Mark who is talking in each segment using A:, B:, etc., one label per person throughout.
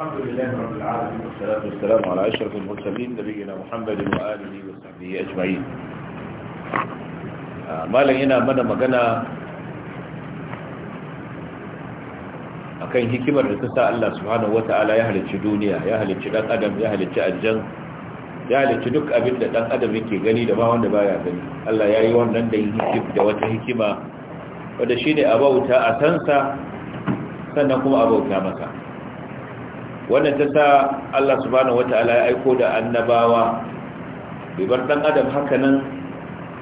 A: الحمد لله رب العالمين والصلاة والسلام
B: على أشرف المرسلين نبينا محمد وآله وصحبه أجمعين malam yana mana magana akan hikimar da ta sa Allah subhanahu ya halicci duniya ya halicci dan adam ya halicci ya halicci duk abin da dan adam yake gani da ba wanda baya gani Allah ya yi wannan da hikim da wata hikima wanda shine abauta a sansa sannan kuma abauta masa wannan ta sa Allah subhanahu wata'ala ya aiko da annabawa bai bar dan adam hakanan nan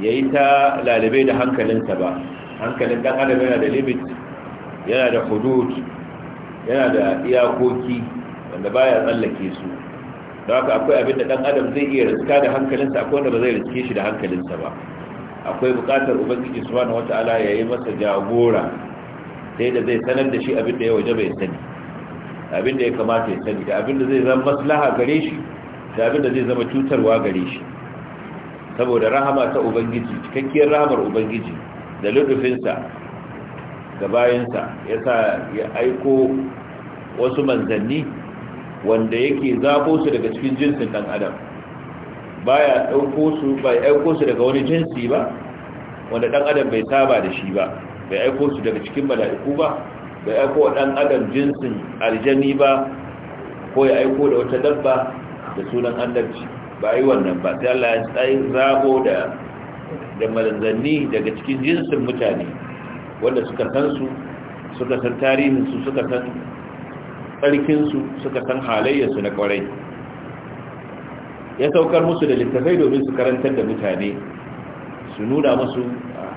B: yayi ta lalabe da hankalinsa ba hankalin dan adam yana da limit yana da hudud yana da iyakoki wanda baya tsallake su don haka akwai abin da dan adam zai iya riska da hankalinsa akwai wanda ba zai riske shi da hankalinsa ba akwai bukatar ubangiji subhanahu wata'ala yayi masa jagora sai da zai sanar da shi abin da ya waje bai sani abin da ya kamata ya sani da abin da zai zama maslaha gare shi da abin da zai zama cutarwa gare shi saboda rahama ta ubangiji cikakkiyar rahamar ubangiji da ludufinsa da bayansa ya sa ya aiko wasu manzanni wanda yake zabo su daga cikin jinsin dan adam baya dauko su ba ya aiko su daga wani jinsi ba wanda dan adam bai saba da shi ba bai aiko su daga cikin mala'iku ba bai aiko ɗan adam jinsin aljani ba ko ya aiko da wata dabba da sunan annabci ba yi wannan ba sai Allah ya tsayi zabo da da malazanni daga cikin jinsin mutane wanda suka san su suka san tarihin su suka san tsarkin su suka san halayyar su na kwarai ya saukar musu da littafai domin su karantar da mutane su nuna musu ah,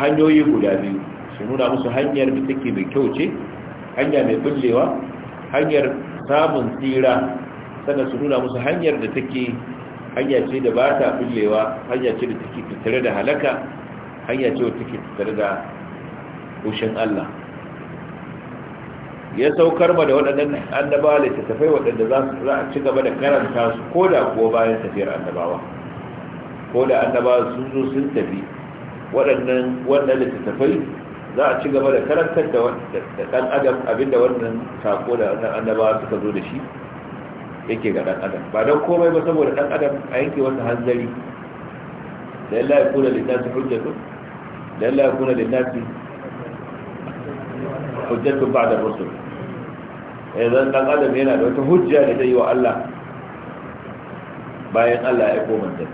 B: hanyoyi guda biyu su nuna musu hanyar da take mai kyau ce hanya mai bullewa hanyar samun tsira sannan su nuna musu hanyar da take hanya ce da ba ta bullewa hanya ce da take tattare da halaka hanya ce da take tattare da ushin Allah ya saukar ma da waɗannan annabawa littattafai waɗanda za a ci gaba da karanta su ko da kuwa bayan tafiyar annabawa ko da annabawa sun zo sun tafi waɗannan wannan littattafai za a ci gaba da karantar da dan adam abinda wannan sako da wannan annaba suka zo da shi yake ga dan adam ba dan komai ba saboda dan adam a yanke wata hanzari da Allah ya kula linnasi hujjatu da Allah ya kula hujjatu ba'da rusul idan eh, dan adam yana da wata hujja da zai yi wa Allah bayan Allah ya aiko manzon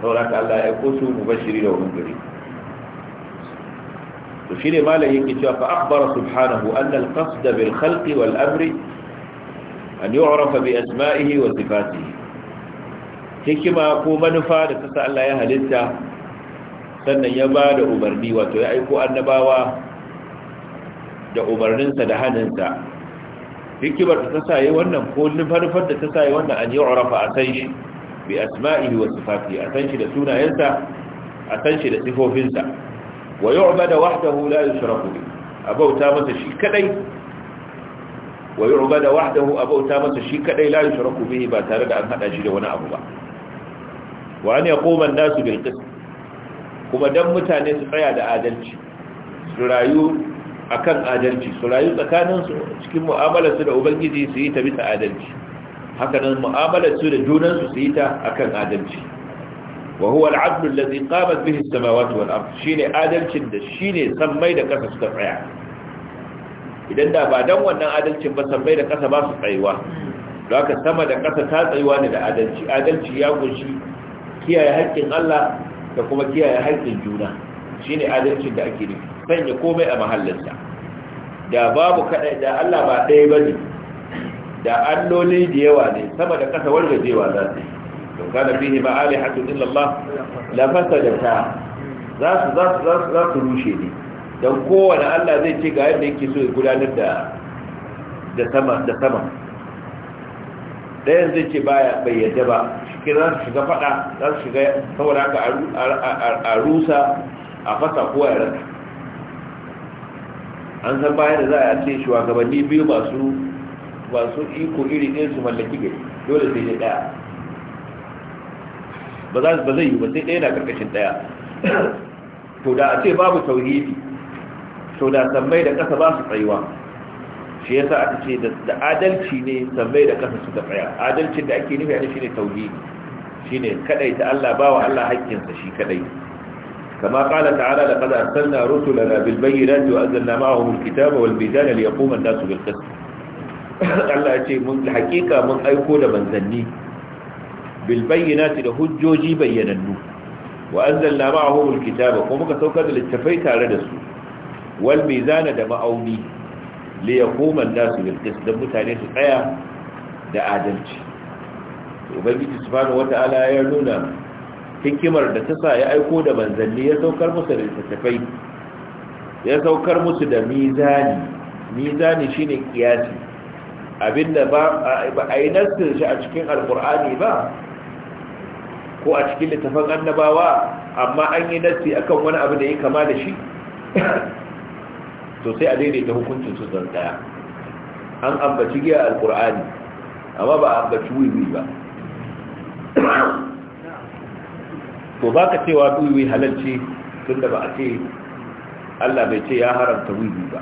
B: saboda Allah ya aiko su mubashiri da wani gari to shine malam yake cewa fa akhbara subhanahu anna al-qasd bil khalqi wal amri an yu'rafa bi asma'ihi wa sifatihi hikima ko manufa da kasa Allah ya halitta sannan ya ba da umarni wato ya aiko annabawa da umarninsa da hannunsa hikimar da ta saye wannan ko manufar da ta saye wannan an yi urafa a san shi bi asma'ihi wa sifati a san shi da sunayensa a san shi da sifofinsa wa yu'bada wahdahu la yushraku bihi abauta masa shi kadai wa yu'bada wahdahu abauta masa shi kadai la yushraku bihi ba tare da an hada shi da wani abu ba wa an yaquma an-nasu bil qist kuma dan mutane su tsaya da adalci su rayu akan adalci su rayu tsakanin su cikin mu'amala su da ubangiji su yi ta bisa adalci haka nan mu'amala su da junan su su yi ta akan adalci wa huwa al-'adl alladhi qamat bihi as-samawati wal ard shine adalcin da shine sammai da kasa suka tsaya idan da ba dan wannan adalcin ba sammai da kasa ba su tsayuwa ka haka sama da kasa ta tsayuwa ne da adalci ya kunshi kiyaye haƙƙin Allah da kuma kiyaye haƙƙin juna shine adalcin da ake nufi sanya komai a mahallinsa da babu kada da Allah ba ɗaya da da yawa ne sama da za su yi لو كان فيهما آلهة إلا الله لفسدتا za su za su za su za su rushe ne don kowane Allah zai ce ga yadda yake so ya gudanar da da sama da sama ɗayan zai ce baya bai yadda ba shi za su shiga fada za su shiga saboda haka a rusa a fasa kowa ya rasa an san bayan da za a ce shugabanni biyu masu masu iko iri ɗaya su mallaki gari dole sai ne ɗaya ba zai yi ba sai ɗaya na ƙarƙashin ɗaya to da a ce babu tauhidi to da sammai da ƙasa ba su tsayuwa shi yasa aka ce da adalci ne sammai da ƙasa suka tsaya adalcin da ake nufi a shine tauhidi ne kadai ta Allah ba wa Allah haƙƙinsa shi kadai كما na تعالى لقد أرسلنا رسلنا بالبينات وأنزلنا معهم الكتاب والميزان ليقوم الناس بالقسط الله يقول الحقيقة من أيكون من ذني bil bayyinati da hujjoji bayyanannu wa anzalna ma'ahum alkitaba kuma muka saukar da littafai tare da su wal mizana da ma'auni li yaquma an-nasu bil qist dan mutane su tsaya da adalci ubangiji subhanahu wata'ala ya nuna hikimar da ta sa ya aiko da manzanni ya saukar musu da littafai ya saukar musu da mizani mizani shine kiyasi abinda ba a yi nassin shi a cikin alkur'ani ba ko a cikin littafin annabawa amma an yi nassi akan wani abu da ya kama da shi to sai a daidaita hukuncin su zan daya an ambaci giya alkur'ani amma ba a ambaci wiwi ba to ba ka cewa wiwi halalci tun da ba a ce allah bai ce ya haramta wiwi ba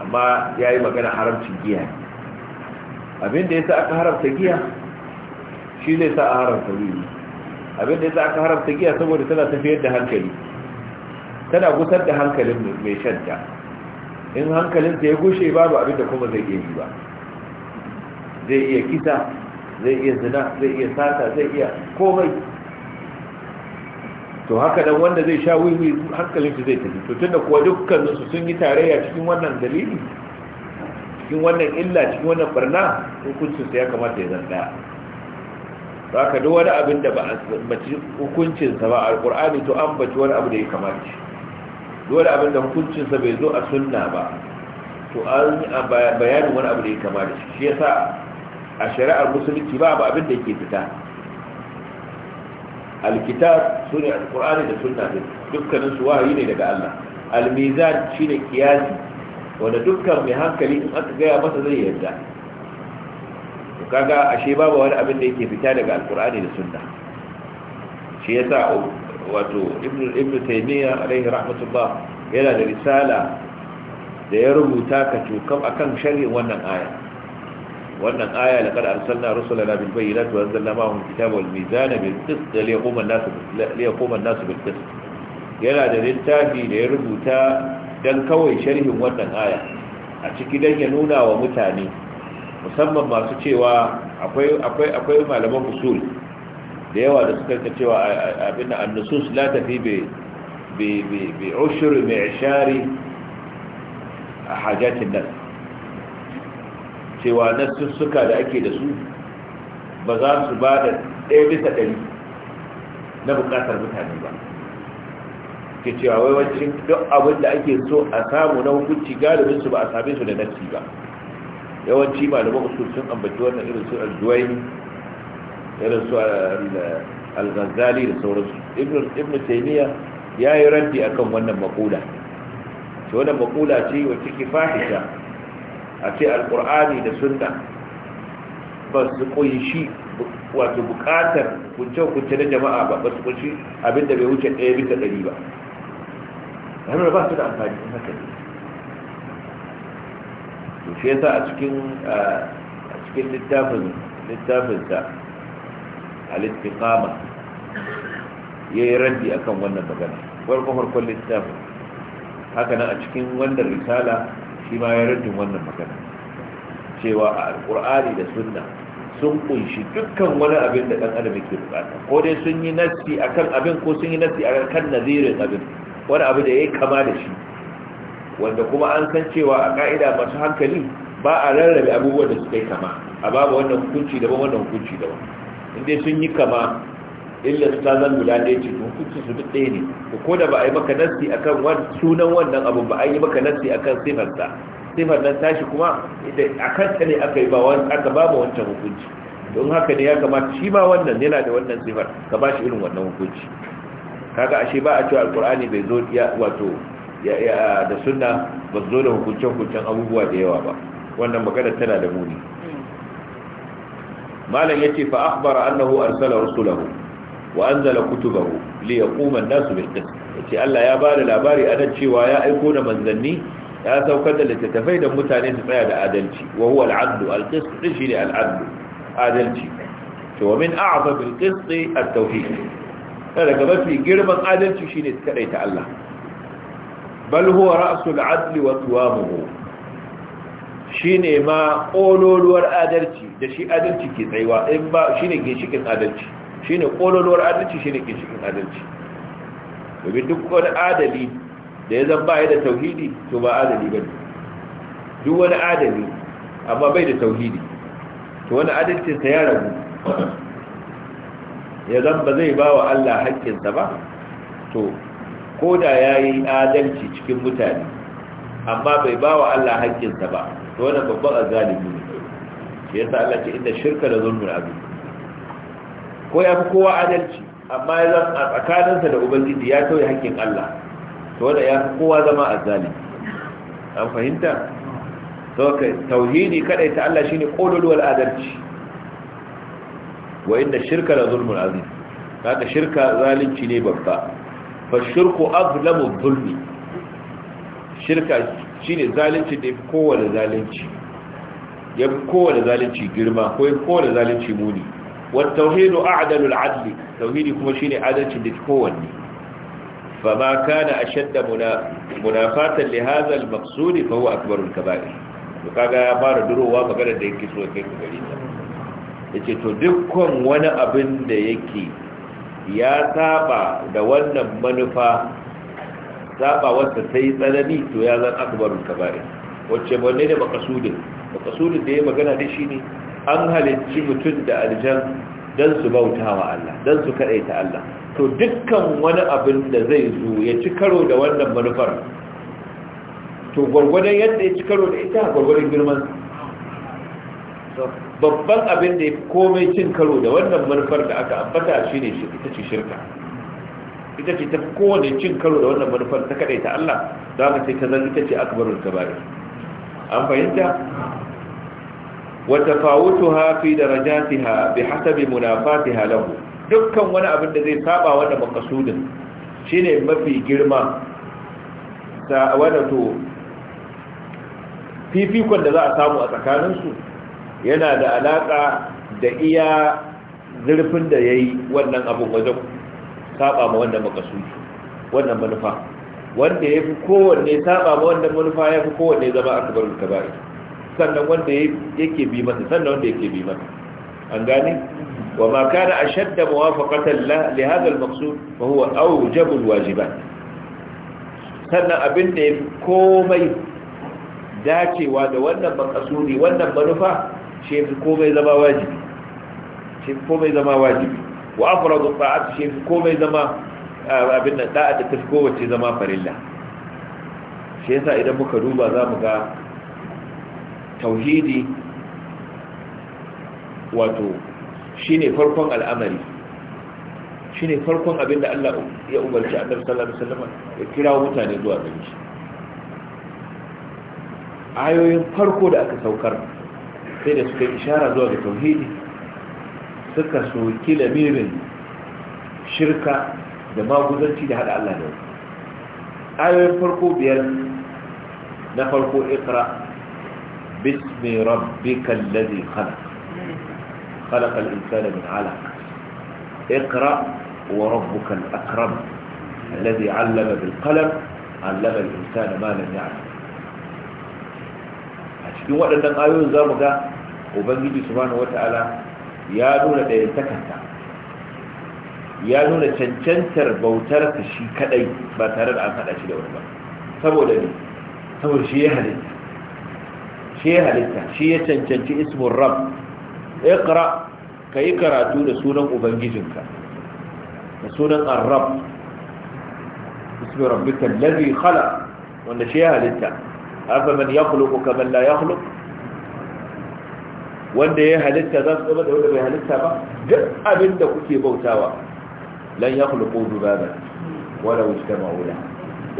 B: amma ya yi magana haramcin giya abinda ya sa aka haramta giya shi zai sa a haramta wiwi abin da za aka haramta giya saboda tana tafiyar da hankali tana gusar da hankalin mai shanta in hankalinsa ya gushe babu abin da kuma zai iya yi ba zai iya kisa zai iya zina zai iya sata zai iya komai to haka dan wanda zai sha wiwi hankalin shi zai tafi to tunda kuwa dukkaninsu su sun yi tarayya cikin wannan dalili cikin wannan illa cikin wannan barna hukuncin sa ya kamata ya zan daya za ka duk wani abin da ba a ci hukuncinsa ba a ƙur'ani to an baci wani abu da ya kamaci duk wani abin da hukuncinsa bai zo a sunna ba to an bayanin wani abu da ya kamaci shi ya sa a shari'ar musulunci ba abu abin da ke fita Alkita su ne alƙur'ani da sunna ne dukkanin su wahayi ne daga allah almizan shi ne kiyasi wanda dukkan mai hankali in aka gaya masa zai yarda kaga ashe babu wani abin da yake fita daga alkur'ani da sunna shi yasa wato ibn ibn taymiya alaihi rahmatullah yana da risala da ya rubuta ka cukam akan sharhin wannan aya wannan aya laqad arsalna rusulana bil bayyinati wa anzalna ma'ahum kitaba wal mizana bil qist li yaquma an-nas li yaquma an-nas bil qist yana da littafi da ya rubuta dan kawai sharhin wannan aya a ciki dan ya nuna wa mutane musamman masu cewa akwai malaman usul da yawa da suka ka cewa abin annusus la tafi bi ushur mai ishari a hajjakin nan cewa suka da ake da su ba za su ba da ɗaya bisa ɗari na buƙatar mutane ba ke cewa waiwancin duk abin da ake so a samu na hukunci galibinsu ba a same su da nassi ba yawanci malaman usul sun ambaci wannan irin su al-juwayni irin su al-ghazali da sauransu ibn taymiya ya yi raddi akan wannan makula ce wannan makula ce wacce ke fahisha a ce alkur'ani da sunna ba su kunshi wato bukatar kunce-kunce na jama'a ba ba su kunshi abinda bai wuce ɗaya bisa ɗari ba hannun ba su da amfani haka ne to shi yasa a cikin a cikin littafin littafin sa al-istiqama yayi raddi akan wannan magana farko farkon littafin haka nan a cikin wannan risala shi ma ya raddin wannan magana cewa a alqur'ani da sunna sun kunshi dukkan wani abin da dan adam yake bukata ko dai sun yi nasi akan abin ko sun yi nasi akan nazirin abin wani abu da yayi kama da shi wanda kuma an san cewa a ka'ida masu hankali ba a rarrabe abubuwan da suka yi kama a babu wannan hukunci daban wannan hukunci daban inda sun yi kama illa su ta zan guda ɗaya ce hukunci su duk ɗaya ne ko da ba a yi maka a akan sunan wannan abun ba a yi maka nasi akan sifarsa sifar nan tashi kuma a kanta ne aka yi ba aka ba wancan hukunci don haka ne ya kamata shi ma wannan yana da wannan sifar ka ba shi irin wannan hukunci kaga ashe ba a cewa alkur'ani bai zo ya wato da sunna ba su zo da hukuncen-hukuncen abubuwa da yawa ba wannan magana tana da muni malam ce fa akhbara annahu arsala rusulahu wa anzala kutubahu li yaquma an-nasu bil qist yace Allah ya bada labari nan cewa ya aiko da manzanni ya saukar da littattafai da mutane su tsaya da adalci wa huwa al-adlu al-qist shi ne al-adlu adalci to wa min a'zab al-qist at-tawhid daga mafi girman adalci shine kadaita Allah bal huwa ra'sul adli wa qiwamuhu shine ma kololuwar adalci da shi adalci ke tsayuwa in ba shine ginshikin adalci shine kololuwar adalci shine ginshikin adalci domin duk wani adali da ya zan baya da tauhidi to ba adali bane duk wani adali amma bai da tauhidi to wani adalcinsa ya ragu ya zan ba zai ba wa Allah haƙƙinsa ba to ko da ya yi adalci cikin mutane amma bai ba wa Allah haƙƙinsa ba to wannan babban azalimi ne shi sa Allah ce inda shirka da zulmul abu ko ya fi kowa adalci amma ya zan a tsakaninsa da ubangiji ya tauye haƙƙin Allah to wanda ya fi kowa zama azalimi an fahimta sauka tauhidi kadai ta Allah shine kololuwar adalci wa inda shirka da zulmul azim kaga shirka zalunci ne babba fashirku azlamu zulmi shirka shine zalunci da yafi kowane zalunci yafi kowane zalunci girma ko yafi kowane zalunci muni wat tauhidu a'dalu al-'adl tauhidi kuma shine adalci da kowanne fama kana ashadda munafatan li hadha al-maqsud fa huwa akbaru al-kaba'ir to kaga ya fara durowa magana da yake so kai gari ta yace to dukkan wani abin da yake ya saba da wannan manufa saba wata ta yi tsanani to ya zan akbarun kabari wacce wanne da makasudin makasudin da ya magana da shi ne an halicci mutum da aljan don su bauta wa Allah don su kaɗaita Allah to dukkan wani abin da zai zo ya ci karo da wannan manufar to gwargwadon yadda ya ci karo da ita gwargwadon girman babban abin da ya fi komai cin karo da wannan manufar da aka ambata shi ne ita ce shirka ita ce ta kowane cin karo da wannan manufar ta kaɗai ta Allah za mu ce ta zan ita ce aka akbarul kabari an fahimta wa tafawutuha fi darajatiha bi hasabi munafatiha lahu dukkan wani abin da zai saba wannan makasudin shi ne mafi girma ta wadato fifikon da za a samu a tsakaninsu yana da alaƙa da iya zurfin da ya yi wannan abin wajen saba ma wannan makasudi wannan manufa wanda ya fi kowanne saba ma wannan manufa ya fi kowanne zama aka bar ta ba'i sannan wanda yake bi masa sannan wanda yake bi masa an gane wa ma kana ashadda muwafaqatan li hadha al-maqsud fa huwa awjab al-wajibat sannan abin da ya fi komai dacewa da wannan makasudi wannan manufa shi fi komai zama wajibi shi fi komai zama shi fi komai zama abin da da'a da tafi kowace zama farilla shi yasa idan muka duba za mu ga tauhidi wato shine farkon al'amari shine farkon abin da Allah ya umarci annabi sallallahu alaihi wasallam ya kira mutane zuwa gare shi ayoyin farko da aka saukar sai da suka ishara zuwa ga tauhidi suka soki lamirin shirka da maguzanci da hada Allah da wasu ayoyin farko biyar na farko ikra bismi rabbika allazi khalaq خلق الإنسان من علق اقرأ وربك الأكرم الذي علم بالقلم علم الإنسان ما لم يعلم a cikin waɗannan ayoyin za mu ga ubangiji subhanahu wata'ala ya nuna ɗayan ya nuna cancantar bautar ta shi kaɗai ba tare da an hada shi da wani ba saboda ne saboda shi ya halitta shi ya halitta shi ya cancanci ismin rab iqra ka yi karatu da sunan ubangijinka da sunan arab ismin rabbika allazi khala wanda shi ya halitta afaman yakhluqu kaman ya yakhluq wanda ya halitta za su zama da wanda bai halitta ba duk abin da kuke bautawa lan yakhluqu dubaba wala wajtama'u la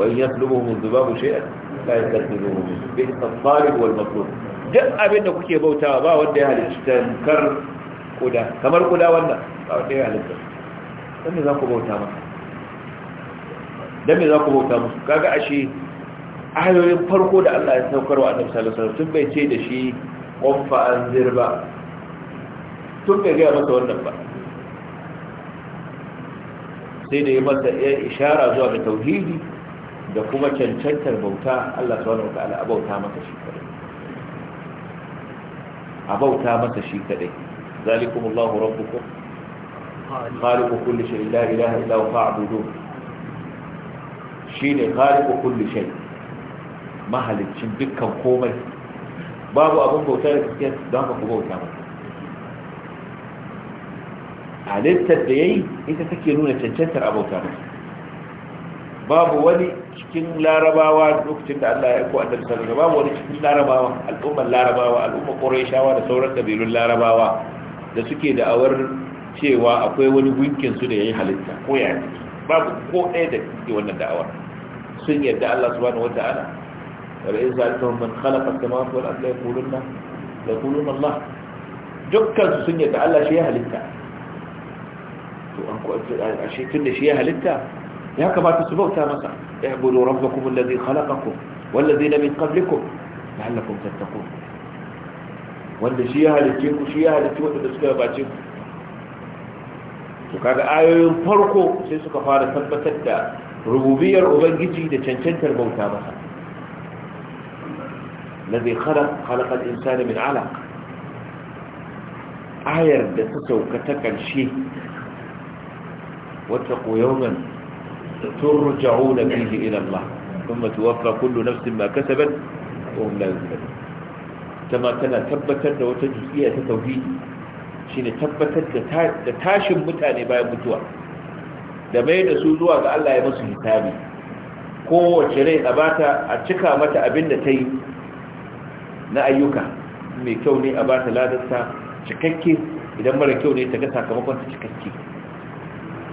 B: wa in yatlubuhum dubabu shay'an la yakathiruhu bi at-talib wal matlub duk abin da kuke bautawa ba wanda ya halitta tankar kuda kamar kuda wannan ba wanda ya halitta dan me za ku bauta masa dan me za ku bauta musu kaga ashe ayoyin farko da Allah ya saukar wa annabi sallallahu alaihi wasallam tun bai ce da shi qaffa anzir ba tun bai ga masa wannan ba sai da ya masa ya ishara zuwa ga tauhidi da kuma cancantar bauta Allah subhanahu wataala a bauta masa shi kadai a bauta masa shi kadai zalikumullahu rabbukum khaliqu kulli shay'in la ilaha illa huwa shi ne khaliqu kulli shay'in mahalicin dukkan komai babu abin bauta da gaskiya don haka ku bauta mata halittar da ya yi ita take nuna cancantar abauta masa babu wani cikin larabawa lokacin da Allah ya aiko annabi sallallahu alaihi babu wani cikin larabawa al'ummar larabawa al'ummar ƙorashawa da sauran ƙabilun larabawa da suke da awar cewa akwai wani gunkin su da yi halitta ko ya babu ko ɗaya da suke wannan da'awar sun yarda Allah subhanahu wata'ala ولئن سألتهم من خلق السماوات والأرض الله dukkan sun yadda Allah shi ya halitta to an ku ashe shi ya halitta ya kamata su bauta masa والذين من قبلكم لعلكم تتقون wanda shi ya halicce shi ya halicce wanda suka gabace ku to kaga ayoyin farko sai suka fara tabbatar da rububiyar ubangiji da cancantar bauta masa الذي خلق خلق الإنسان من علق آير دتسوك تكالشي واتقوا يوما ترجعون فيه إلى الله ثم توفى كل نفس ما كسبت وهم لا يظلمون كما كان تبتت وتجزئية توحيد shine tabbatar da tashin mutane bayan mutuwa da mai da su zuwa ga Allah ya masu hitabi kowace rai a bata a cika mata abin da ta yi na ayyuka mai kyau ne a ba ta ladarsa cikakke idan mara kyau ne ta ga sakamakon ta cikakke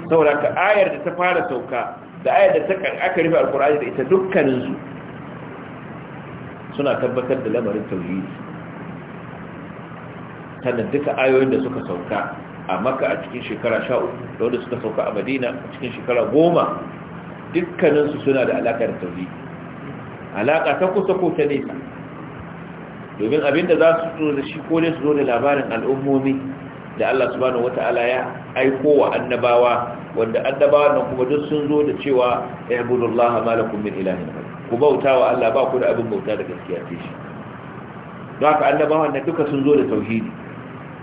B: saboda ka ayar da ta fara sauka da ayar da ta aka rufe alkur'ani da ita dukkaninsu suna tabbatar da lamarin tauhidi Tana duka ayoyin da suka sauka a maka a cikin shekara 13 da wanda suka sauka a madina a cikin shekara goma dukkaninsu suna da alaƙar tauhidi alaƙa ta kusa ko ta nesa domin abinda za su zo da shi ko ne su zo da labarin al'ummomi da Allah subhanahu wata'ala ya aiko wa annabawa wanda annabawa nan kuma duk sun zo da cewa ibudullaha malakum min ilahin ku bauta wa Allah ba ku da abin bauta da gaskiya ce shi don haka annabawa nan duka sun zo da tauhidi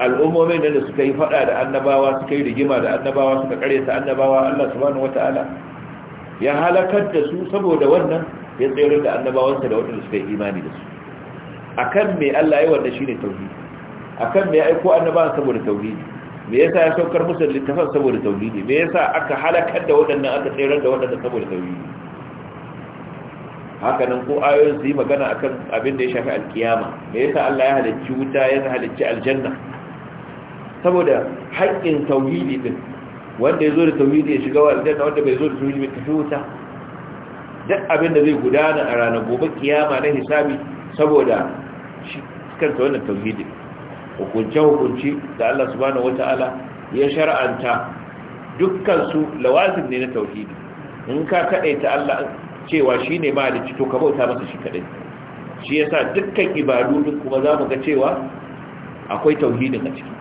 B: al'ummomin da suka yi fada da annabawa suka yi rigima da annabawa suka kare ta annabawa Allah subhanahu wata'ala ya halakar da su saboda wannan ya tsayar da annabawansa da waɗanda suka yi imani da su akan me Allah ya wanda shine tauhidi akan me ya aiko annabawan saboda tauhidi me yasa ya saukar musu littafan saboda tauhidi me yasa aka halakar da waɗannan aka tsere da waɗannan saboda tauhidi haka nan ko ayoyin su yi magana akan abin da ya shafi alkiyama me yasa Allah ya halicci wuta ya halicci aljanna saboda haƙƙin tauhidi din wanda ya zo da tauhidi ya shiga wa aljanna wanda bai zo da tauhidi bai tafi wuta duk abin da zai gudana a ranar gobe kiyama na hisabi saboda shi kanta wannan tauhidin hukunce-hukunce da Allah subhanahu wata'ala ya shar'anta dukkansu lawazin ne na tauhidi in ka kaɗaita Allah cewa shi ne mahalicci cito ka bauta masa shi kaɗai shi sa dukkan ibadu kuma za mu ga cewa akwai tauhidin a ciki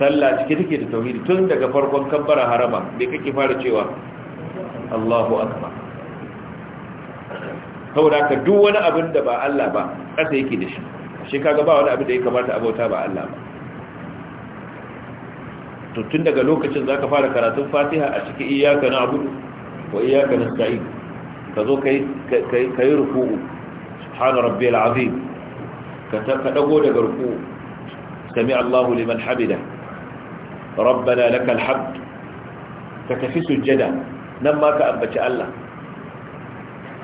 B: sallah ciki take da tauhidi tun daga farkon kabbara harama me kake fara cewa Allahu akbar
C: saboda ka duk
B: wani abin da ba Allah ba ƙasa yake da shi shi kaga ba wani abin da ya kamata a bauta ba Allah ba to tun daga lokacin zaka fara karatun Fatiha a cikin iyyaka na'budu wa iyyaka nasta'in ka zo kai kai kai ruku'u subhana rabbiyal azim ka ta ka dago daga ruku'u sami Allahu liman hamida rabbana lakal hamd ka tafi sujjada nan ma ka ambaci Allah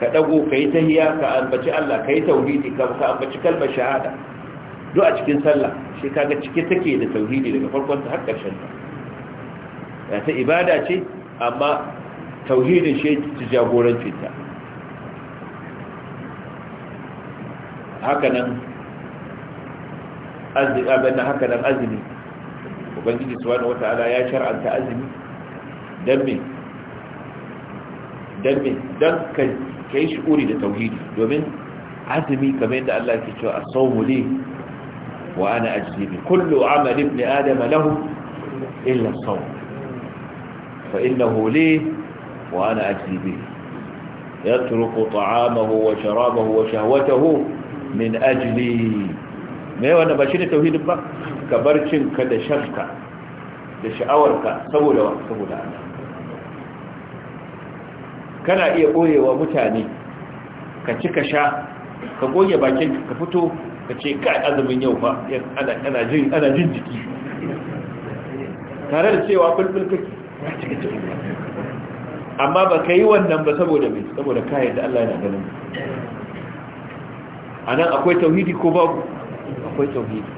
B: ka dago ka yi tahiya ka ambaci Allah ka yi tauhidi ka ambaci kalmar shahada duk a cikin sallah shi kaga cike take da tauhidi daga farkon ta har ƙarshen ta ta ibada ce amma tauhidin shi ta jagorancin ta haka nan azumi abin haka nan azumi ubangiji subhanahu wata'ala ya shar'anta azumi dan me dan me ka ka yi shi'uri da tauhidi domin azumi kamar yadda Allah ke cewa a sawmu li wa ana ajzi bi kullu amali adama adam lahu illa as-sawm fa innahu hole wa ana ajzi bi yatruku ta'amahu wa sharabahu wa shahwatahu min ajli me wannan ba shi ne tauhidin ba ka bar cin da shakka da sha'awarka saboda wa, saboda Allah kana iya ɓoyewa mutane ka ci ka sha ka goge bakin ka fito ka ce ka azumin yau ba ana jin jiki tare da cewa bulbul kake amma ba ka yi wannan ba saboda mai saboda kayan da Allah yana ganin a nan akwai tauhidi ko babu akwai tauhidi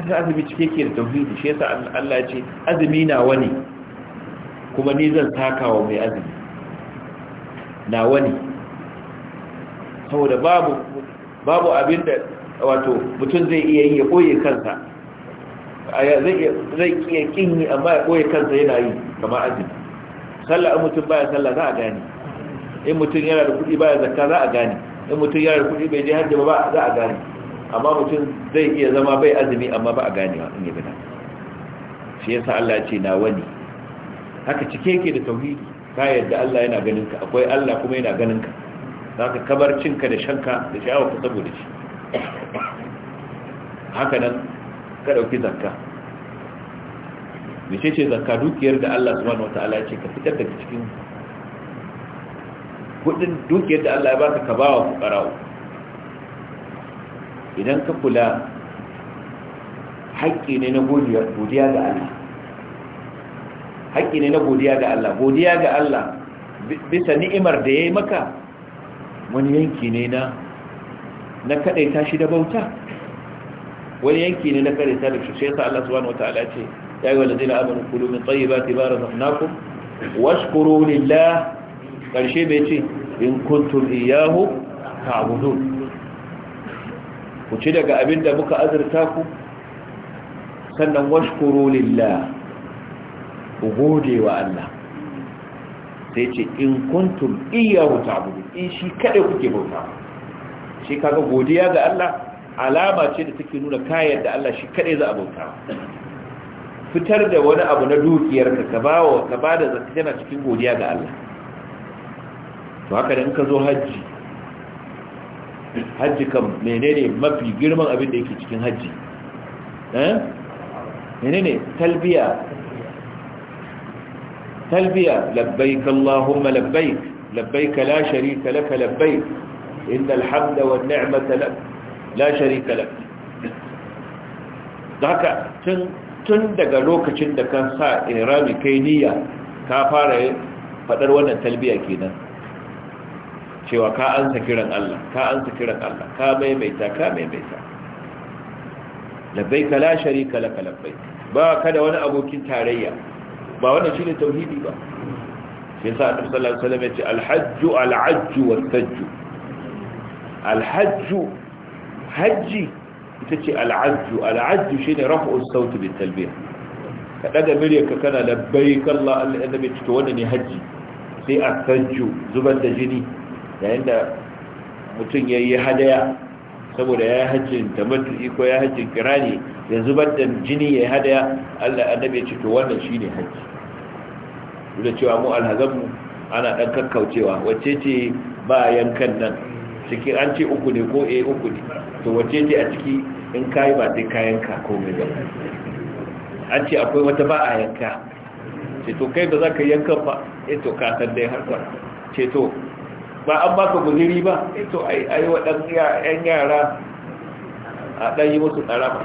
B: haka azumi cike ke da tauhidi shi yasa Allah ce azumi na wani kuma ni zan takawa mai azumi nawa ne saboda babu babu abin da wato mutum zai iya yi ya koye kansa zai iya kin yi amma ya koye kansa yana yi kamar azumi sallah in mutum baya sallah za a gane in mutum yana da kuɗi baya zakka za a gane in mutum yana da kuɗi bai je hajji ba za a gane amma mutum zai iya zama bai azumi amma ba a gane wa in yi bida shi yasa Allah ce na wani haka cike yake da tauhidi ka yadda Allah yana ganin ka akwai Allah kuma yana ganin ka ka kabar cinka da shanka da sha'awa ka saboda shi haka nan ka dauki zakka mace ce zakka dukiyar da Allah subhanahu wataala ya ce ka fitar daga cikin kudin dukiyar da Allah ya baka ka bawa karawo. idan ka kula haƙƙi ne na godiya ga Allah haƙƙi ne na godiya ga Allah godiya ga Allah bisa ni'imar da ya yi maka wani yanki ne na na kadaita shi da bauta wani yanki ne na kadaita da shi sai sa Allah subhanahu wataala ce ya yi wa walazina amanu kulu min tayyibati ma razaqnakum washkuru lillah karshe bai ce in kuntum iyyahu ta'budun ku ci daga abin da muka azurta ku sannan washkuru lillah ku gode wa Allah sai ce in kuntum iyyahu ta'budu in shi kada kuke bauta shi kaga godiya ga Allah alama ce da take nuna kayan da Allah shi kada za a bauta fitar da wani abu na dukiyarka ka bawa ka bada zakka yana cikin godiya ga Allah to haka da in ka zo hajji hajji kam menene mafi girman abin da yake cikin hajji eh menene talbiya تلبية لبيك اللهم لبيك لبيك لا شريك لك لبيك الحمد لك لا شريك لك ذاك tun daga lokacin da kan sa irami kai niyya ka fara fadar wannan talbiya kenan cewa ka kiran Allah ka kiran Allah ka maimaita ka maimaita la sharika labbaik ba da wani abokin tarayya ba wannan ne tauhidi ba shi yasa annabi sallallahu alaihi wasallam yace al-hajju al'ajju ajju was-sajju ita ce al-ajju al-ajju raf'u as-sawt bit ka daga miryarka kana labbaik Allah annabi ce to wannan ne hajji sai as-sajju zubar da jini yayin da mutum yayi hadaya saboda ya hajjin tamattu ko ya hajjin kirani yanzu zubar jini ya hadaya Allah annabi ya ce to wannan shine hajji da cewa mu alhazanmu ana dan kakkaucewa wacce ce ba yankan nan cikin an ce uku ne ko eh uku ne to wacce ce a ciki in kai ba sai kayan ka me ba an ce akwai wata ba a yanka ce to kai ba za ka yanka ba eh to ka san dai har ce to ba an baka guziri ba eh to ai wa ɗan yan yara a ɗan yi musu tsarama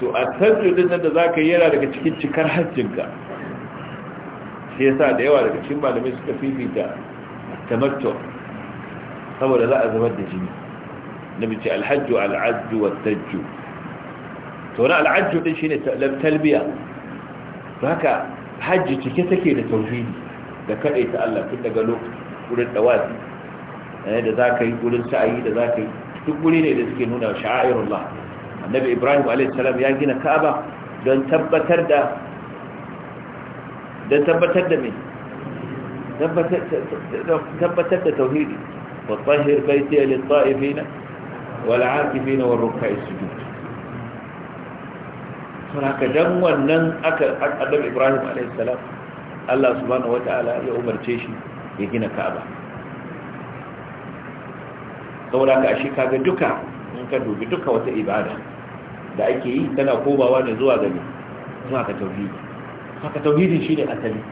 B: to a tattalin nan da za ka yi yana daga cikin cikar hajjinka shi yasa da yawa daga cikin malamai suka fifita tamattu saboda za a zubar da jini na bice alhajju al'ajju wa tajju to na al'ajju din shine talbiya haka hajji cike take da tauhidi da kaɗai ta Allah tun daga lokaci wurin dawazi da za ka yi wurin sa'ayi da za ka yi duk guri ne da suke nuna sha'airullah annabi ibrahim alaihissalam ya gina ka'aba don tabbatar da don tabbatar da mai tabbatar da tauhidi wa tsahir baitiya lit-ta'ifina wal 'akifina war ruk'a'is sujud saboda dan wannan aka annabi ibrahim alaihissalam Allah subhanahu wata'ala ya umarce shi ya gina ka'aba saboda ka shi kaga duka in ka dubi duka wata ibada da ake yi tana komawa ne zuwa gani zuwa ka tauhidi haka tauhidin shine asali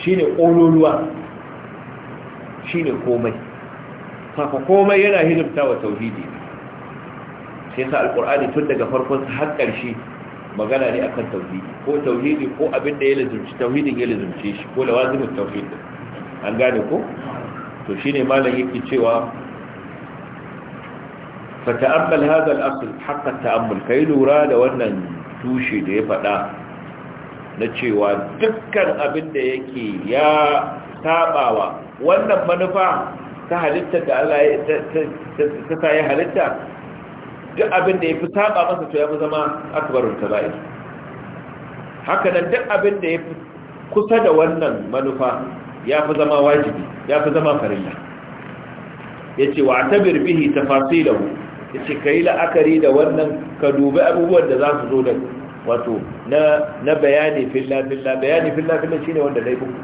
B: shine kololuwa shine komai haka komai yana hidimta wa tauhidi sai sa alkur'ani tun daga farkon har ƙarshe magana ne akan tauhidi ko tauhidi ko abin da ya lazumci tauhidin ya lazumce shi ko lawazimin tauhidi an gane ko to shine malam yake cewa fa ta'ammal hadha al-asl haqqa kai lura da wannan tushe da ya faɗa na cewa dukkan abin da yake ya sabawa wannan manufa ta halitta da Allah ta ta ya halitta duk abin da ya fi saba masa to ya fi zama akbarun kaba'ir haka nan duk abin da ya fi kusa da wannan manufa ya fi zama wajibi ya fi zama farilla ya ce wa tabir bihi tafasilahu ya ce ka yi la'akari da wannan ka dubi abubuwan da za su zo da wato na bayani filla-filla bayani filla-filla shi ne wanda laifin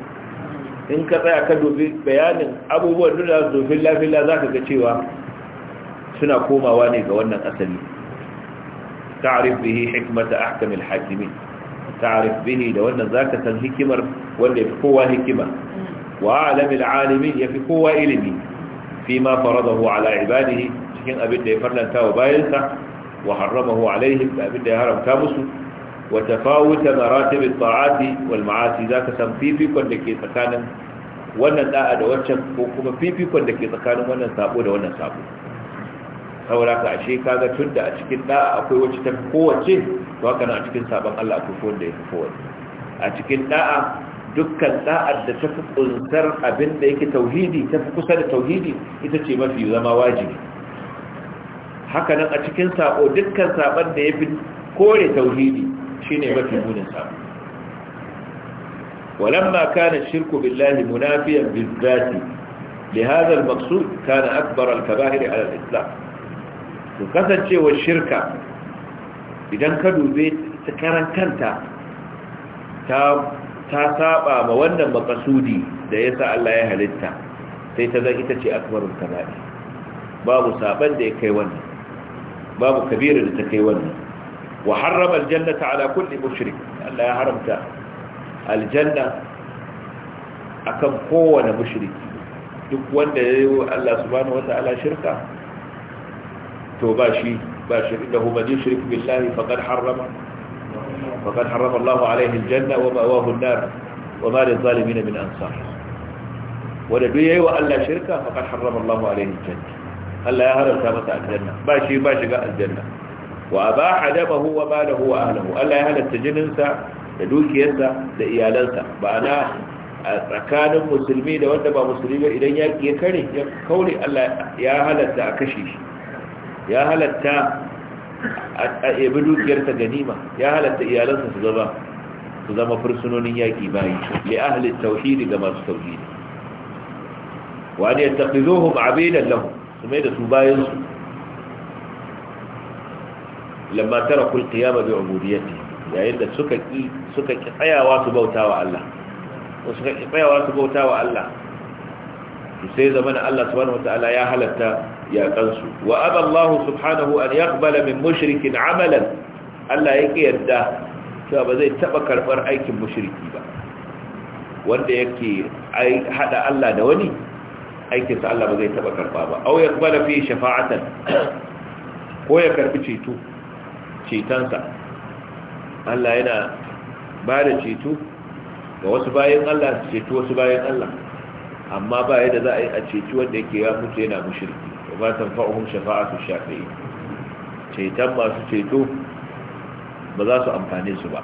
B: in ka tsaya ka dubi bayanin abubuwan da za su zo filla-filla za ka ga cewa suna komawa ne ga wannan asali ta'rif bihi hikmata ahkamil hakimin ta'rif bihi da wannan zaka san hikimar wanda yafi kowa hikima wa alamil alimin yafi kowa ilimi fi fima faradahu ala ibadihi cikin abin da ya farlanta wa bayansa wa harramahu alaihim da abin da ya haramta musu wa tafawuta maratibit ta'ati wal ma'asi zaka san fifikon da ke tsakanin wannan da'a da waccan ko kuma fifikon da ke tsakanin wannan sabo da wannan sabo saboda ka ashe ka ga tunda a cikin da'a akwai wacce ta kowace to haka nan a cikin sabon Allah ku fi wanda ya fi kowace a cikin da'a dukkan da'ar da ta fi kuntar abin da yake tauhidi ta fi kusa da tauhidi ita ce mafi zama wajibi haka nan a cikin sabo dukkan sabon da ya fi kore tauhidi shine mafi munin sabo ولما كان الشرك بالله منافيا بالذات لهذا المقصود كان أكبر الكباهر على الإطلاق to kasancewa shirka idan ka dube ta karan kanta ta saba ma wannan makasudi da yasa Allah ya halitta sai ta zan ita ce akbarul kaba'i babu saban da ya kai wannan babu kabira da ta kai wannan wa harrama aljannata ala kulli mushrik Allah ya haramta aljanna akan kowane mushriki duk wanda ya yi Allah subhanahu wa ta'ala shirka to ba shi ba shi inda hu mani yushrik billahi faqad harrama faqad harrama Allahu alaihi aljanna wa ma'wahu an-nar wa ma lil-zalimin min ansar wanda duk yayi wa Allah shirka faqad harrama Allahu alaihi aljanna Allah ya haramta masa aljanna ba shi ba shiga aljanna wa abaha damahu wa malahu wa ahlihi Allah ya halatta jininsa da dukiyarsa da iyalansa ba na a tsakanin musulmi da wanda ba musulmi idan ya kare ya kaure Allah ya halatta a kashe shi ya halatta a ebi dukiyarsa ganima ya halatta iyalansa su zama su zama fursunonin yaƙi bayi li ahli tauhidi ga masu tauhidi wa an yattakhizuhum abidan lahum su mai da su bayan su lamma taraku al-qiyama bi ubudiyyati yayin da suka suka ki tsayawa su wa Allah suka tsayawa su bautawa Allah to sai Allah subhanahu wataala ya halatta ya kansu wa aballahu subhanahu an yaqbala min mushrikin amalan Allah ya yake yadda cewa ba zai taɓa karɓar aikin mushriki ba wanda yake haɗa Allah da wani aikinsa Allah ba zai taɓa karɓa ba Au aw yaqbala fi shafa'atan ko ya karɓi ceto cetansa Allah yana ba da ceto ga wasu bayan Allah ceto wasu bayan Allah amma ba yadda za a yi a ceci wanda yake ya mutu yana mushriki ba tanfa'uhum shafa'atu shafi'i ceton masu ceto ba za su amfane su ba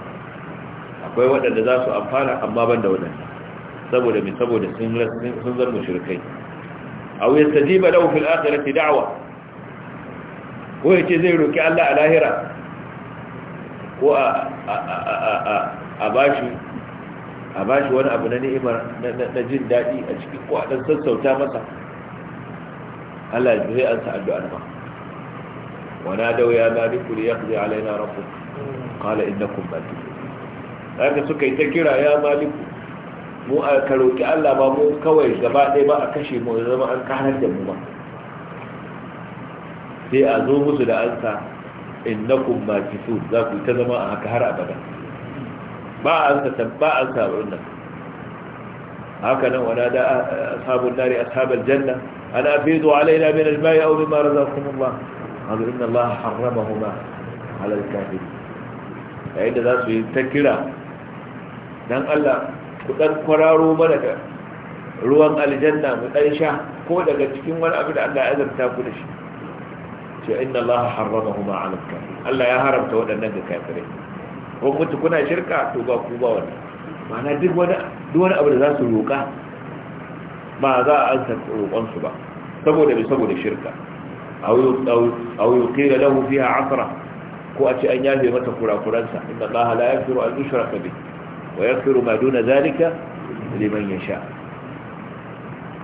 B: akwai waɗanda za su amfana amma ban da waɗanda saboda mai saboda sun zan mushrikai aw yastajiba lahu fil akhirati da'wa ko ya ce zai roki Allah a lahira ko a bashi wani abu na ni'imar na jin daɗi a cikin ko a dan sassauta masa Allah zai an sa addu'ar ba wana da ya maliku da ya fi alaina rabu kala inda kun batu haka suka yi ta kira ya maliku mu a karoki Allah ba mu kawai gaba ɗaya ba a kashe mu da zama an karar da mu ba sai a zo musu da ansa sa inda kun batu za ku ta zama a haka har abada ba an sa ba an sa wannan هكذا ونادى أصحاب النار alaina الجنة أن أفيدوا علينا من الماء أو مما رزقكم الله قالوا إن الله حرمهما على الكافرين فإن ذات يتكرا dan Allah ku dan kwararo mana da ruwan aljanna mu dan sha ko daga cikin wani abu da Allah ya azurta ku da shi ce inna Allah harramahuma ala al-kafirin Allah ya haramta waɗannan ga kafirai ko mutu kuna shirka to ba ku ba wannan ma'ana duk wani abu da za su roƙa ba za a ansa roƙonsu ba saboda bi saboda shirka a wuyi kira hufi a asra ko a ce an yafe mata kurakuransa inda Allah ya yaghfiru an yushraka bi wa ya yaghfiru ma duna zalika liman sha.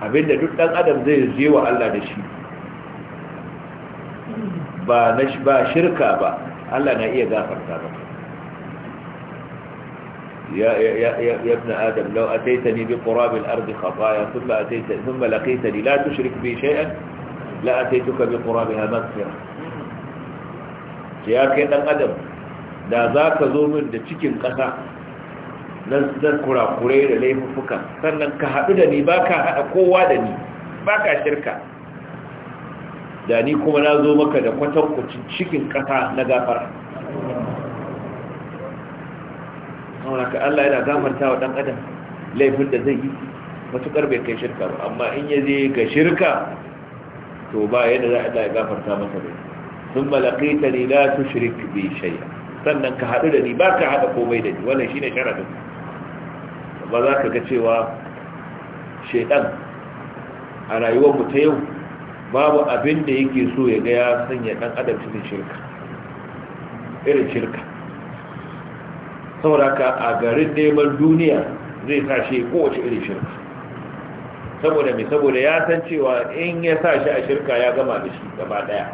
B: abinda duk ɗan adam zai je wa Allah da shi ba shirka ba Allah na iya gafarta ba. يا, يا, يا, يا ابن آدم لو أتيتني بقراب الأرض خطايا ثم, أتيت ثم لقيتني لا تشرك بي شيئا لأتيتك بقرابها مغفرة يا كيد الأدم da za ka zo min da cikin ƙasa na kurakurai da laifuka, sannan ka haɗu da ni ba ka haɗa kowa da ni ba ka shirka da ni kuma na zo maka da kwatankwacin cikin ƙasa na gafara saboda ka Allah yana gafarta wa ɗan adam laifin da zai yi matukar bai kai shirka ba amma in ya je ga shirka to ba yadda za a ya gafarta masa bai sun malakaita ni la tushrik bi shay'a sannan ka haɗu da ni ba ka haɗa komai da ni wannan shine sharadin ba za ka ga cewa shaiɗan a rayuwar mu ta yau babu abin da yake so ya ga ya sanya ɗan adam cikin shirka irin shirka sauraka a garin neman duniya zai sa shi kowace iri shirka saboda mai saboda ya san cewa in ya sa shi a shirka ya gama da shi gaba daya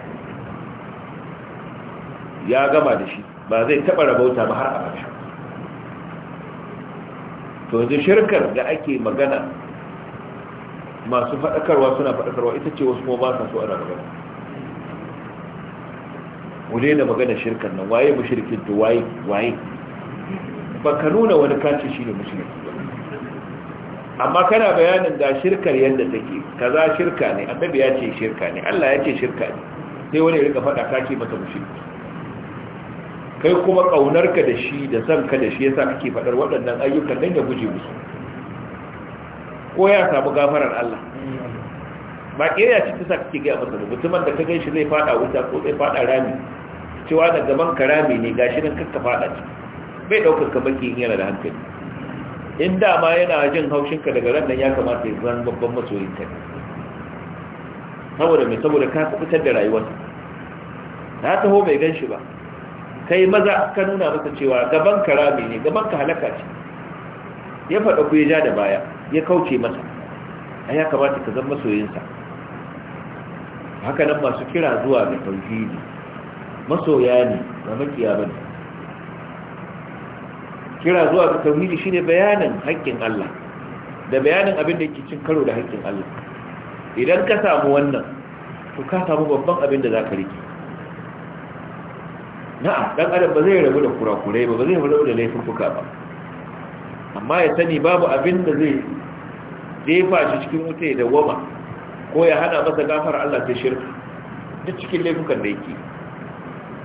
B: ya gama da shi ba zai taba rabauta ba har abada to yanzu shirkar da ake magana masu faɗakarwa suna faɗakarwa ita ce wasu kuma ba sa so ana magana mu da magana shirkar nan waye shirkin to waye waye baka ka nuna wani kace shi ne musulmi amma kana bayanin da shirkar yadda take kaza shirka ne annabi ya ce shirka ne Allah ya ce shirka ne sai wani rika faɗa kake masa musulmi kai kuma ƙaunarka da shi da san ka da shi yasa kake faɗar waɗannan ayyukan dan ya guje musu ko ya samu gafarar Allah ba ƙirya shi ta sa kake gaya masa da mutumin da ka gan shi zai faɗa wuta ko zai faɗa rami cewa da gaban ka rami ne gashi nan kakka faɗa ce. bai daukar ka baki in yana da hankali in dama yana jin haushinka daga ran nan ya kamata ya zan babban masoyin ne saboda mai saboda ka fitar da rayuwarsa na taho bai gan shi ba kai maza ka nuna masa cewa gaban ka rami ne gaban ka halaka ce ya faɗa ku ya ja da baya ya kauce masa a ya kamata ka zan masoyinsa haka nan masu kira zuwa ga tauhidi masoya ne ga makiya bane kira zuwa ga tauhidi shine bayanin haƙƙin Allah da bayanin abin da yake cin karo da haƙƙin Allah idan ka samu wannan to ka samu babban abin da zaka rike na'am dan adam ba zai rabu da kurakurai ba ba zai rabu da laifin laifuffuka ba amma ya sani babu abin da zai jefa shi cikin wuta ya dawama ko ya hada masa gafar Allah ta shirka duk cikin laifukan da yake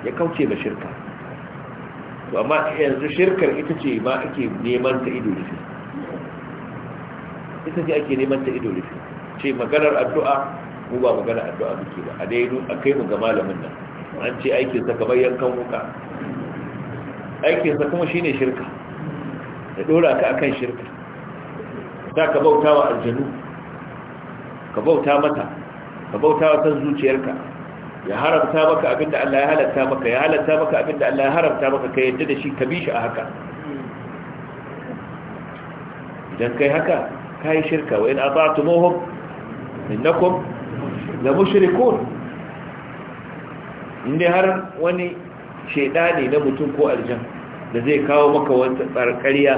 B: ya kauce ba shirka to amma yanzu shirkar ita ce ma ake neman ta ido rufe ita ce ake neman ta ido rufe ce maganar addu'a mu ba maganar addu'a muke ba a dai a kai mu ga malamin nan an ce aikin sa kamar yankan wuka aikin sa kuma shine shirka da dora ka akan shirka za ka bauta wa aljanu ka bauta mata ka bauta wa san zuciyarka ya haramta maka abinda Allah ya halatta maka ya halatta maka abinda Allah ya haramta maka kai yadda da shi ka bi shi a haka idan kai haka kai shirka wa in ata'tumuhum innakum la mushrikun inda har wani shedani na mutum ko aljan da zai kawo maka wata tsarkariya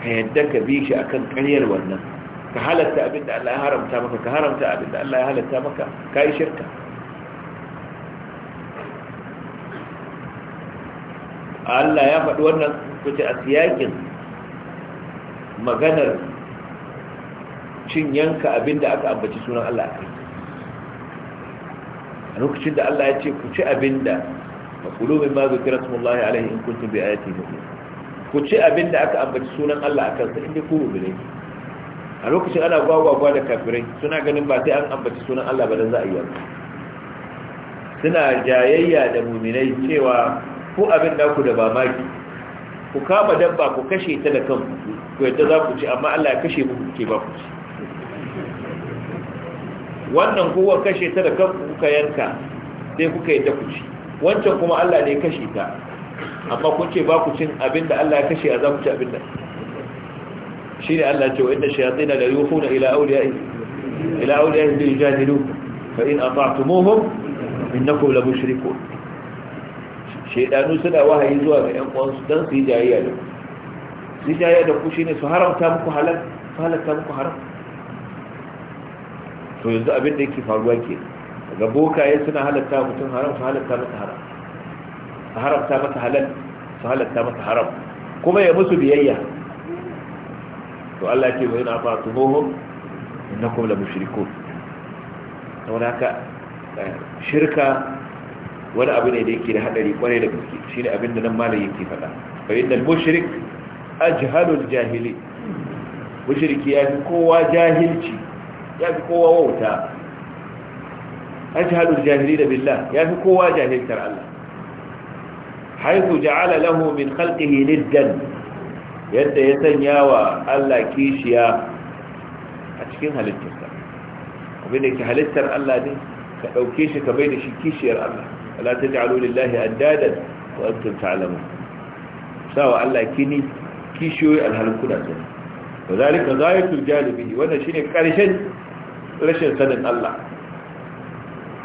B: ka yadda ka bi shi akan ƙaryar wannan ka halatta abinda Allah ya haramta maka ka haramta abinda Allah ya halatta maka kai shirka Allah ya faɗi wannan kuce a siyakin maganar cin yanka abinda aka ambaci sunan Allah a a lokacin da Allah ya ce ku ci abinda a kulubin ma zo kira sunan Allah alaihi in kuntum bai ayati mu'min ku ci abinda aka ambaci sunan Allah a kansa inda ku ne a lokacin ana gwagwagwa da kafirai suna ganin ba sai an ambaci sunan Allah ba don za a yi suna jayayya da muminai cewa ku abin naku da ba mamaki ku kama dabba ku kashe ta da kan ku yadda za ku ci amma Allah ya kashe muku ke ba ku ci wannan kowa kashe ta da kan ku ka yanka sai kuka yadda ku ci wancan kuma Allah ne kashe ta amma kun ce ba ku cin abin da Allah ya kashe a za ku ci abin da shi ne Allah ce wa inda shayatina la yuhuna ila awliya'i ila awliya'i li yujadilu fa in ata'tumuhum innakum la mushrikun shaidanu suna wahayi zuwa ga yan uwansu don su yi jayayya da su yi jayayya da ku shine su haramta muku halal su halatta muku haram to yanzu abin da yake faruwa ke daga bokaye suna halatta mutum haram su halatta masa haram su haramta masa halal su halatta masa haram kuma ya musu biyayya to Allah ce wa yana fatu mohon innakum la mushrikun saboda haka eh, shirka wani abu ne da yake da hadari kwarai da gaske shine abin da nan malam yake faɗa fa innal mushrik ajhalul jahili mushriki ya fi kowa jahilci ya fi kowa wauta ajhalul jahili da billah ya fi kowa jahiltar Allah haythu ja'ala lahu min khalqihi niddan yadda ya sanya wa Allah kishiya a cikin halittarsa abin da ke halittar Allah ne ka ɗauke shi ka bai da shi kishiyar Allah wala taj'alu lillahi addadan wa antum ta'lamun sawa Allah kini kishiyoyi alhalin kuna sani wa zalika ghayatul jalibi wannan shine karshen rashin sanin Allah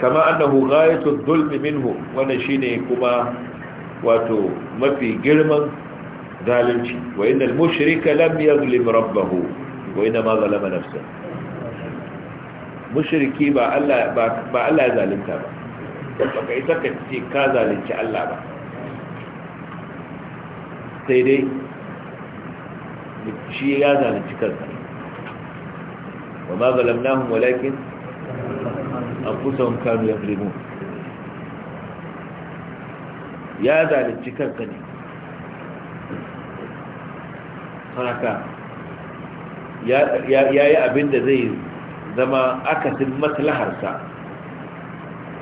B: kama annahu ghayatul zulmi minhu wannan shine kuma wato mafi girman zalunci wa innal mushrika lam yuzlim rabbahu wa inna ma zalama nafsahu mushriki ba Allah ba Allah ya zalunta ba baka isa ka ce ka zalunci Allah ba sai dai shi ya zalunci kansa wa ma zalamnahum walakin anfusahum kanu yadrimun ya zalunci kanka ne haka ya yi abin da zai zama akasin maslaharsa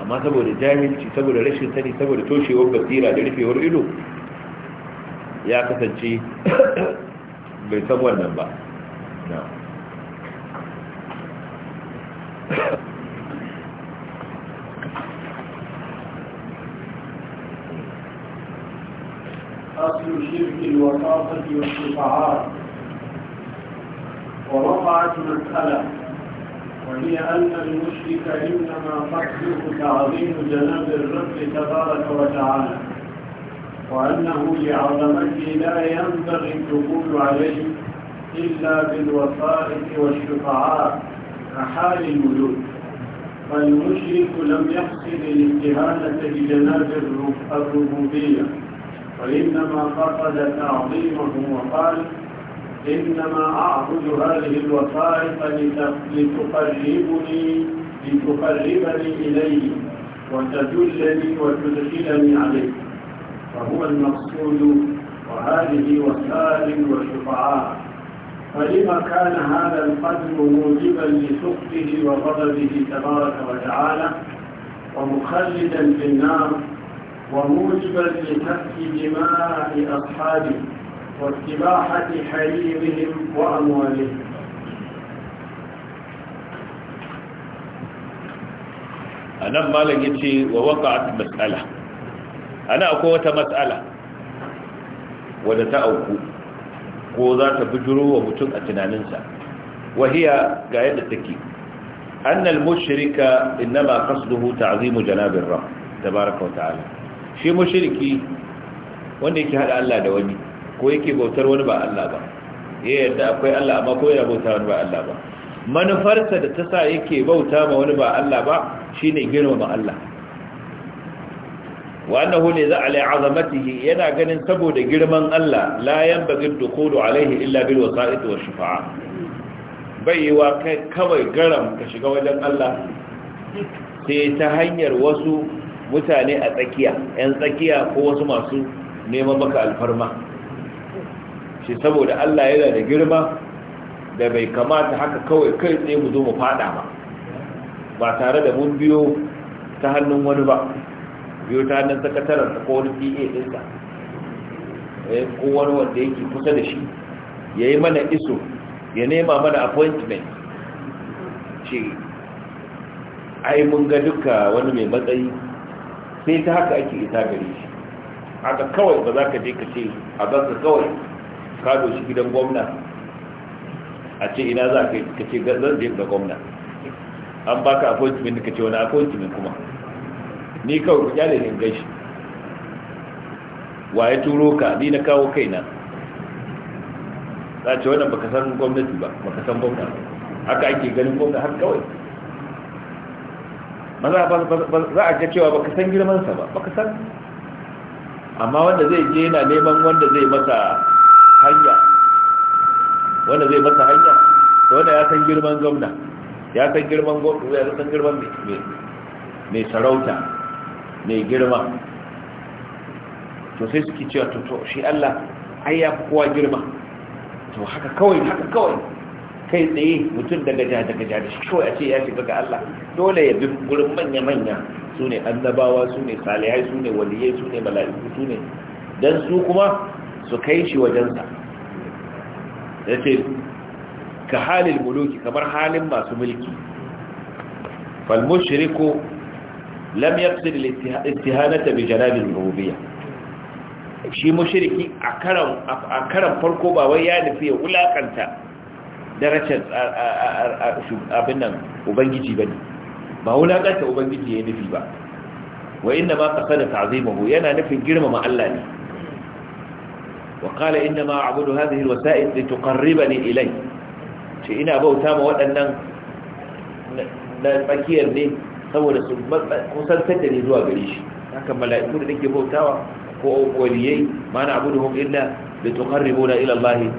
B: amma saboda jahilci saboda rashin sani saboda toshewar basira da rufewar ido ya kasance bai san wannan ba
A: أصل شرك الوساطة والشفعاء ووقعت مسألة وهي أن المشرك إنما قتله تعظيم جناب الرب تبارك وتعالى وأنه لعظمته لا ينبغي الدخول عليه إلا بالوسائط والشفعاء كحال الوجود فالمشرك لم يقصد الاستهانة بجناب الربوبية وإنما قصد تعظيمه وقال إنما أعبد هذه الوثائق لتقربني لتقربني إليه وتدلني وتدخلني عليه فهو المقصود وهذه وسائل وشفعاء فلما كان هذا القدر موجبا لسخطه وغضبه تبارك وتعالى ومخلدا في النار وموجبا لتفك دماء أصحابه واستباحة حريرهم وأموالهم
B: anan malam ya ce wa waqa'at mas'ala ana akwai wata mas'ala wadda ta auku ko za ta bujuro wa mutum a tunaninsa wahiya ga yadda take annal mushrika innama qasduhu ta'zimu janabir rabb tabaaraka wa ta'ala shi mushriki wanda yake hada Allah da wani ko yake bautar wani ba Allah ba ya yadda akwai Allah amma ko yana bauta wani ba Allah ba manufarsa da ta sa yake bauta ma wani ba Allah ba shine girmama Allah wa annahu ne za alai azamatihi yana ganin saboda girman Allah la yanbaghi dukhulu alaihi illa bil wasa'id wa
C: shufa'a
B: wa kai kawai garam ka shiga wajen Allah sai ta hanyar wasu mutane a tsakiya 'yan tsakiya ko wasu masu neman maka alfarma ce saboda Allah yana da girma da bai kamata haka kawai kai tsaye mu zo mu fada ba ba tare da mun biyo ta hannun wani ba biyo ta hannun sakataren ko wani PA ɗinsa eh, ko wani wanda yake kusa da shi ya yi mana iso ya nema mana appointment ce ai mun ga duka wani mai matsayi sai ta haka ake isa gare shi haka kawai ba za ka je ka ce a ganka kawai ka doshi gidan gwamna a ce ina za ka ce zan je ga gwamna an baka appointment ka ce wani appointment kuma ni kawai ku kyale ne gaishe wa ya turo ka ni na kawo kaina za ce wannan baka san gwamnati ba baka san gwamna haka ake ganin gwamna har kawai za a ga cewa baka san girmansa ba baka san amma wanda zai je yana neman wanda zai masa hanya wanda zai masa hanya to wanda ya san girman gwamna ya san girman gwamna ya san girman mai sarauta mai girma to sai suke cewa to shi Allah ai ya fi kowa girma to haka kawai haka kawai kai tsaye mutum daga jihar daga ja da shi kawai a ce ya shiga ga Allah dole ya bi gurin manya manya su ne annabawa su ne salihai su ne waliyai su ne mala'iku su ne dan su kuma su kai shi wajensa ya ce ka halin muluki kamar halin masu mulki falmushiriku lam yaqsid al-istihanata bi janabil rububiyya shi mushriki a karan a karan farko ba wai ya nufi ya wulakanta darajar abin nan ubangiji bane ba wulakanta ubangiji ya nufi ba wa inna ma qasada ta'zimuhu yana nufin girmama Allah ne وقال إنما أعبد هذه الوسائل لتقربني إليه شيء إنا أبو تام وأن نفكير لي saboda su kusantar da ni zuwa gare shi haka mala'iku da nake bautawa ko waliyai ma na abu da hum illa da tuqarribuna ila Allah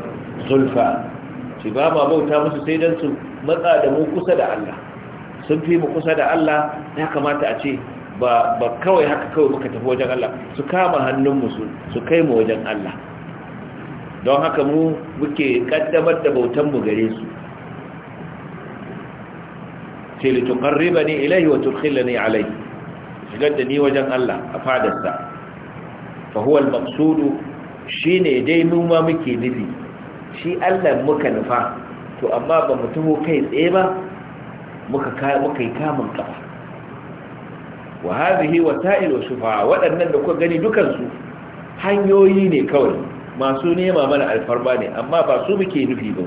B: zulfa shi ba ma bauta musu sai dan su matsa da mu kusa da Allah sun fi mu kusa da Allah ya kamata a ce ba kawai haka kawai muka tafi wajen Allah su kama hannun mu su kai mu wajen Allah don haka mu muke kaddamar da bautar mu gare su ce li ni ilayhi wa tudkhilani alayhi shigar da ni wajen Allah a fadarsa fa huwa al-maqsudu shine dai mu ma muke nufi shi Allah muka nufa to amma ba mu kai tsaye ba muka muka kamun kafa wa hadhihi wasa'il wa waɗannan da kuka gani dukansu hanyoyi ne kawai masu nema mana alfarma ne amma ba su muke nufi ba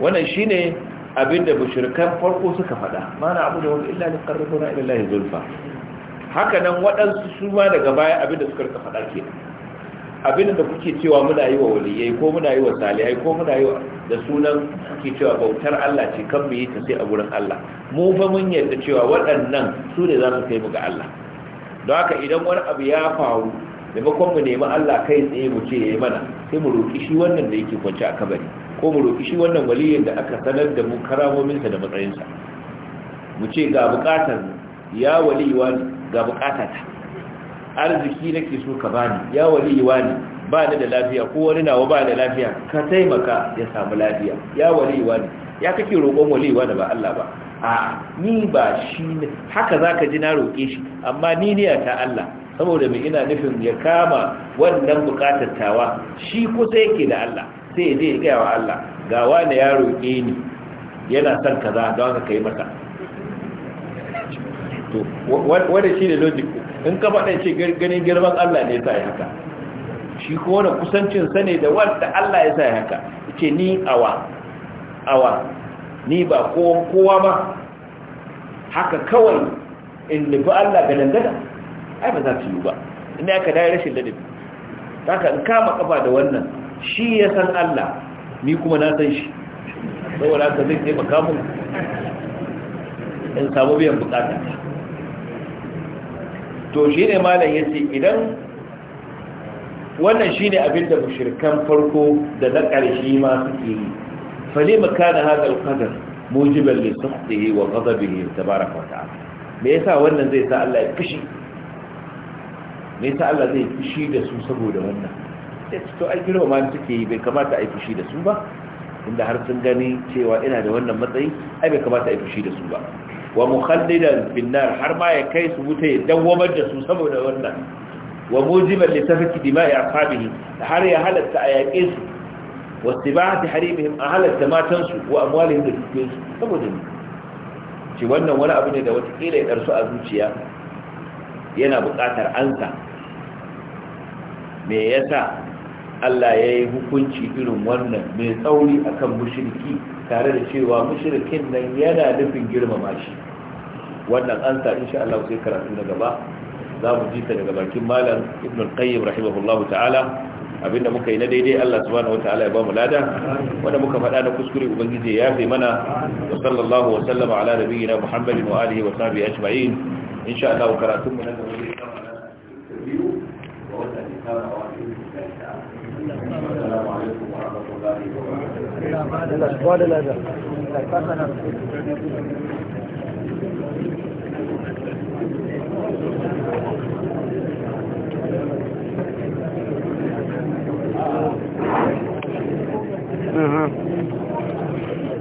B: wannan shine abinda bushirkan farko suka faɗa mana abu da wani illa ne karrabuna ila lahi zulfa haka nan waɗansu su ma daga baya abinda suka rika faɗa ke abinda da kuke cewa muna yi wa waliyai ko muna yi wa salihai ko muna yi da sunan kuke cewa bautar Allah ce kan mu yi ta sai a gurin Allah mu fa mun yarda cewa waɗannan su ne za su kai mu ga Allah don haka idan wani abu ya faru maimakon mu nemi Allah kai tsaye mu ce yayi mana sai mu roki shi wannan da yake kwance a kabari ko mu roki shi wannan waliyin da aka sanar da mu karamominsa da matsayinsa mu ce ga bukatar ya waliwa wani ga ta. arziki nake so ka bani ya waliwa wani ba ni da lafiya ko wani nawa ba da lafiya ka taimaka ya samu lafiya ya waliwa wani ya kake roƙon waliwa wani ba Allah ba a ni ba shi haka zaka ji na roƙe shi amma ni ne ta Allah saboda mai ina nufin ya kama wannan bukatar tawa shi kusa yake da Allah sai ya zai gaya wa Allah ga wani ya roƙe ni yana son kaza don haka yi mata to wanda shi ne logic in ka faɗa ce ganin girman Allah ne ya sa ya haka shi ko wani kusancin sa ne da wanda Allah ya sa ya haka ce ni awa awa ni ba kowa ba haka kawai in nufi Allah ga dangada ai ba za su yi ba inda aka dai rashin ladabi haka in kama kafa da wannan shi ya san Allah ni kuma na san shi saboda haka zai taimaka mun in samu biyan bukata to shi ne malam ya ce idan wannan shi ne abinda mushirkan farko da na ƙarshe ma suke yi fale makana haɗa alƙadar mujibar lissafi wa ƙazabi tabaraka kwata? me yasa wannan zai sa Allah ya fushi me ta Allah zai fushi da su saboda wannan sai to ai girma ma suke yi bai kamata a yi fushi da su ba inda har sun gani cewa ina da wannan matsayi ai bai kamata a yi fushi da su ba wa mukhallidan bin nar har ma ya kai su wuta ya dawwamar da su saboda wannan wa mujiban li tafki dima'i ashabihi har ya halatta a yaƙe su wa istibahati harimihim a halatta matan su wa amwalihim da dukiyar su saboda ni ce wannan wani abu ne da wata kila ya darsu a zuciya yana buƙatar ansa me yasa Allah ya yi hukunci irin wannan mai tsauri akan mushriki tare da cewa mushrikin nan yana nufin girmama shi wannan ansa insha Allah sai karatu na gaba za mu ji ta daga bakin malam Ibn al-Qayyim rahimahullahu ta'ala abinda muka yi na daidai Allah subhanahu wataala ya ba mu lada wanda muka faɗa na kuskure ubangiji ya fi mana wa sallallahu wa sallama ala nabiyyina Muhammadin wa alihi wa sahbihi ajma'in insha Allah karatun mu na gaba
C: Mm-hmm.